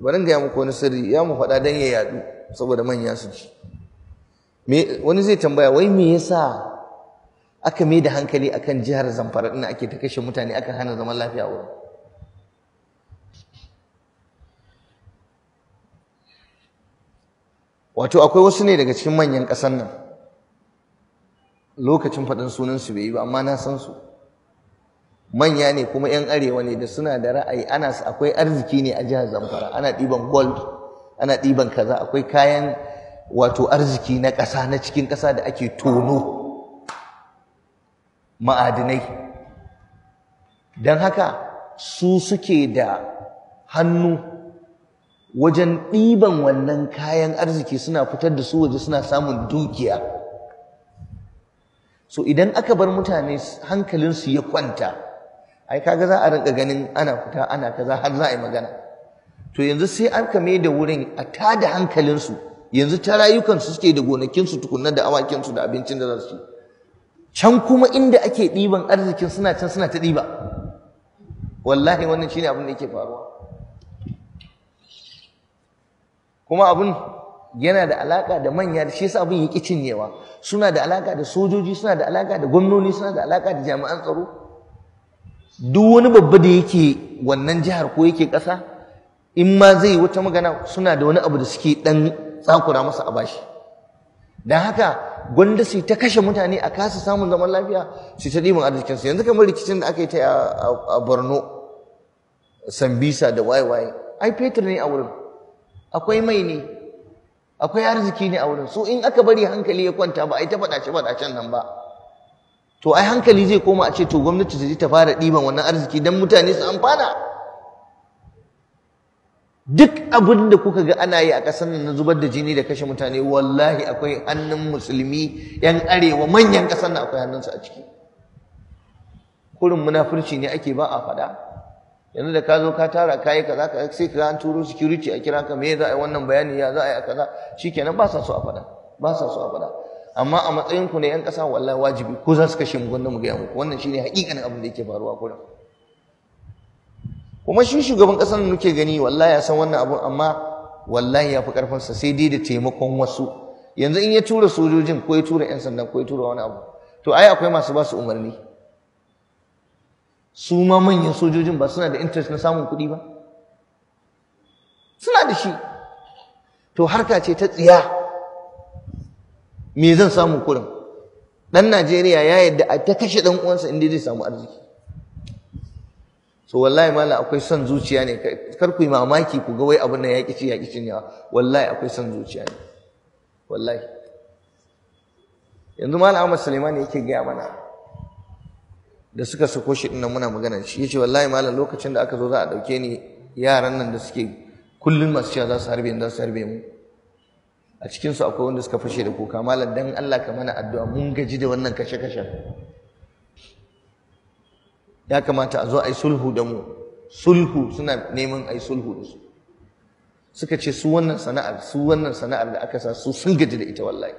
bari ga muku wani sirri ya mu faɗa dan ya yadu saboda manya su ci wani zai tambaya wai me yasa aka mai da hankali akan jihar Zamfara din ake ta kashe mutane aka hana zaman lafiya wurin wato akwai wasu ne daga cikin manyan kasan nan lokacin faɗin sunansu bai yi ba amma na san su manya ne kuma 'yan arewa ne da suna da ra'ayi ana akwai arziki ne a jihar zamfara ana ɗiban gold ana ɗiban kaza akwai kayan wato arziki na ƙasa na cikin ƙasa da ake tono ma'adinai don haka su suke da hannu wajen ɗiban wannan kayan arziki suna fitar da su waje suna samun dukiya so idan aka bar mutane hankalinsu ya kwanta ai kaga za a rinka ganin ana fita ana kaza har za a yi magana to yanzu sai an mai da wurin a tada hankalinsu yanzu ta rayukansu suke da gonakinsu tukunna da awakinsu da abincin da za can kuma inda ake ɗiban arzikin suna can suna ta ɗiba wallahi wannan shine abin da yake faruwa kuma abin yana da alaka da manya da shi yasa abin yake cinyewa suna da alaka da sojoji suna da alaka da gwamnoni suna da alaka da jami'an tsaro duk wani babba da yake wannan jihar ko yake ƙasa in ma zai wata magana suna da wani abu da suke ɗan tsakura masa a bashi don haka gwanda su ta kashe mutane a kasa samun zaman lafiya su ta ɗiban arzikinsu yanzu kamar rikicin da aka yi ta a borno sambisa da waye ai fetur ne a wurin akwai mai ne akwai arziki ne a wurin so in aka bari hankali ya kwanta ba a yi ta faɗace-faɗacen nan ba to ai hankali zai koma a ce to gwamnati ta je ta fara ɗiban wannan arziki don mutane su amfana duk abin da kuka ga ana yi a ƙasar nan na zubar da jini da kashe mutane wallahi akwai hannun musulmi yan arewa manyan ƙasar nan akwai hannunsu a ciki kurin munafurci ne ake ba a faɗa yanzu da ka zo ka tara kayi kaza ka sai ka an turo security a kira ka me za a yi wannan bayani ya za a yi a kaza shikenan ba sa so a faɗa ba sa so a faɗa amma a matsayin ku ne yan ƙasa wallahi wajibi ko za su kashe mu gwanda mu gaya muku wannan shine hakikanin abin da yake faruwa kullum kuma shi shugaban ƙasar da muke gani wallahi ya san wannan abun amma wallahi ya fi karfin sa sai dai da taimakon wasu yanzu in ya tura sojojin ko ya tura yan sandan ko ya tura wani abu to ai akwai masu ba su umarni su ma manyan sojojin ba suna da interest na samun kuɗi ba suna da shi to harka ce ta tsiya me zan samu kurin dan Najeriya ya yadda a ta kashe dan uwansa inda zai samu arziki so wallahi mala akwai son zuciya ne kar ku yi mamaki ku ga wai abin nan ya kici ya kici ne wallahi akwai son zuciya ne wallahi yanzu mala Ahmad Suleiman yake gaya mana da suka sako shi dinnan muna magana shi yace wallahi mala lokacin da aka zo za a dauke ni yaran nan da suke kullun masu cewa za su harbe ni za su harbe mu a cikin su akwai wanda suka fashe da kuka malam dan Allah ka mana addu'a mun gaji da wannan kashe kashen ya kamata a zo a yi sulhu da mu sulhu suna neman a yi sulhu da su suka ce su wannan sana'ar su wannan sana'ar da aka sa su sun gaji da ita wallahi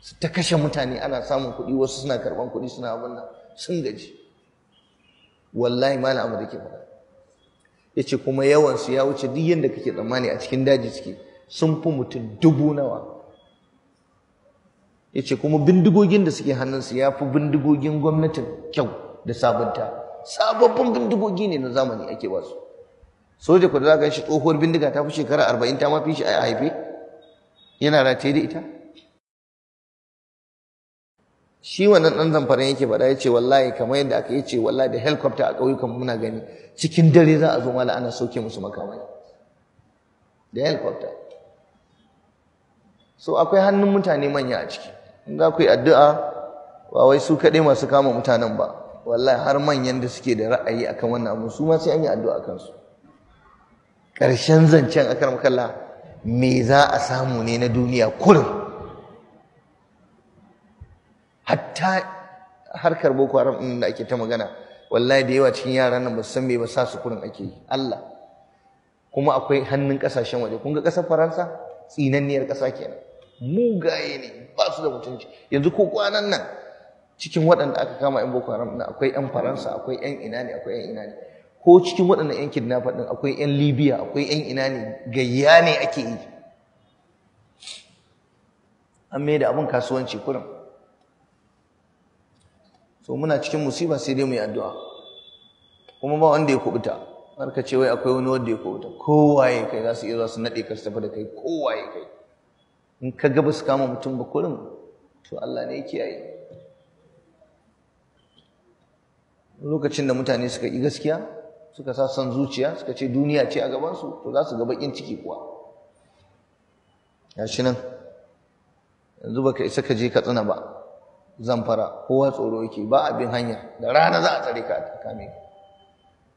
su ta kashe mutane ana samun kuɗi wasu suna karɓan kuɗi suna abin nan sun gaji wallahi malam amma da ke faɗa ya ce kuma yawansu ya wuce duk yadda kake tsammani a cikin daji suke sun fi mutum dubu nawa ya ce kuma bindigogin da suke hannunsu ya fi bindigogin gwamnatin kyau da sabunta sababbin bindigogi ne na zamani ake basu soja kudu da za ka shi tsohuwar bindiga ta fi shekara arba'in ta mafi shi a haife yana rataye da ita shi wannan ɗan zamfaran yake faɗa ya ce wallahi kamar yadda aka yi ce wallahi da helikopta a ƙauyukan muna gani cikin dare za a zo mala ana soke musu makamai da helikopta. so akwai hannun mutane manya a ciki in za ku yi addu'a ba wai su kaɗai masu kama mutanen ba wallahi har manyan da suke da ra'ayi akan wannan abu su ma sai an yi addu'a kansu ƙarshen zancen akan makalla me za a samu ne na duniya kurin hatta harkar boko haram da ake ta magana wallahi da yawa cikin yaran nan ba su san me ba sa su kurin ake yi Allah kuma akwai hannun ƙasashen waje kun ga ƙasar Faransa tsinanniyar ƙasa kenan mugaye ne ba su da mutunci yanzu ko kwanan nan cikin waɗanda aka kama yan boko haram na akwai yan faransa akwai yan ina ne akwai yan ina ne ko cikin waɗannan yan kidnapper ɗin akwai yan libya akwai yan ina ne gayya ne ake yi an mai da abin kasuwanci kurin so muna cikin musiba sai dai mu yi addu'a kuma ba wanda ya kubuta har ka ce wai akwai wani wanda ya kubuta kowaye kai za su iya za su naɗe ka su tafi da kai kowaye kai in ka ga ba su kama mutum ba kurin to Allah ne ya kiyaye lokacin da mutane suka yi gaskiya suka sa son zuciya suka ce duniya ce a gabansu to za su ga bakin ciki kuwa ya shi nan yanzu baka isa ka je ka tsana ba fara kowa tsoro yake ba abin hanya da rana za a tsare ka a kame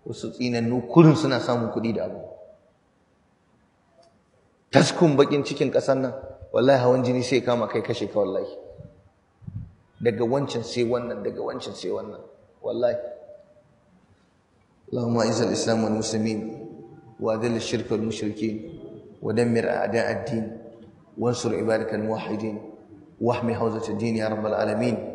wasu tsinannu kurin suna samun kuɗi da abu taskun bakin cikin ƙasar nan wallahi hawan jini sai kama kai kashe ka wallahi daga wancan sai wannan daga wancan sai wannan wallahi اللهم اعز الاسلام والمسلمين واذل الشرك والمشركين ودمر اعداء الدين وانصر عبادك الموحدين واحمي حوزه الدين يا رب العالمين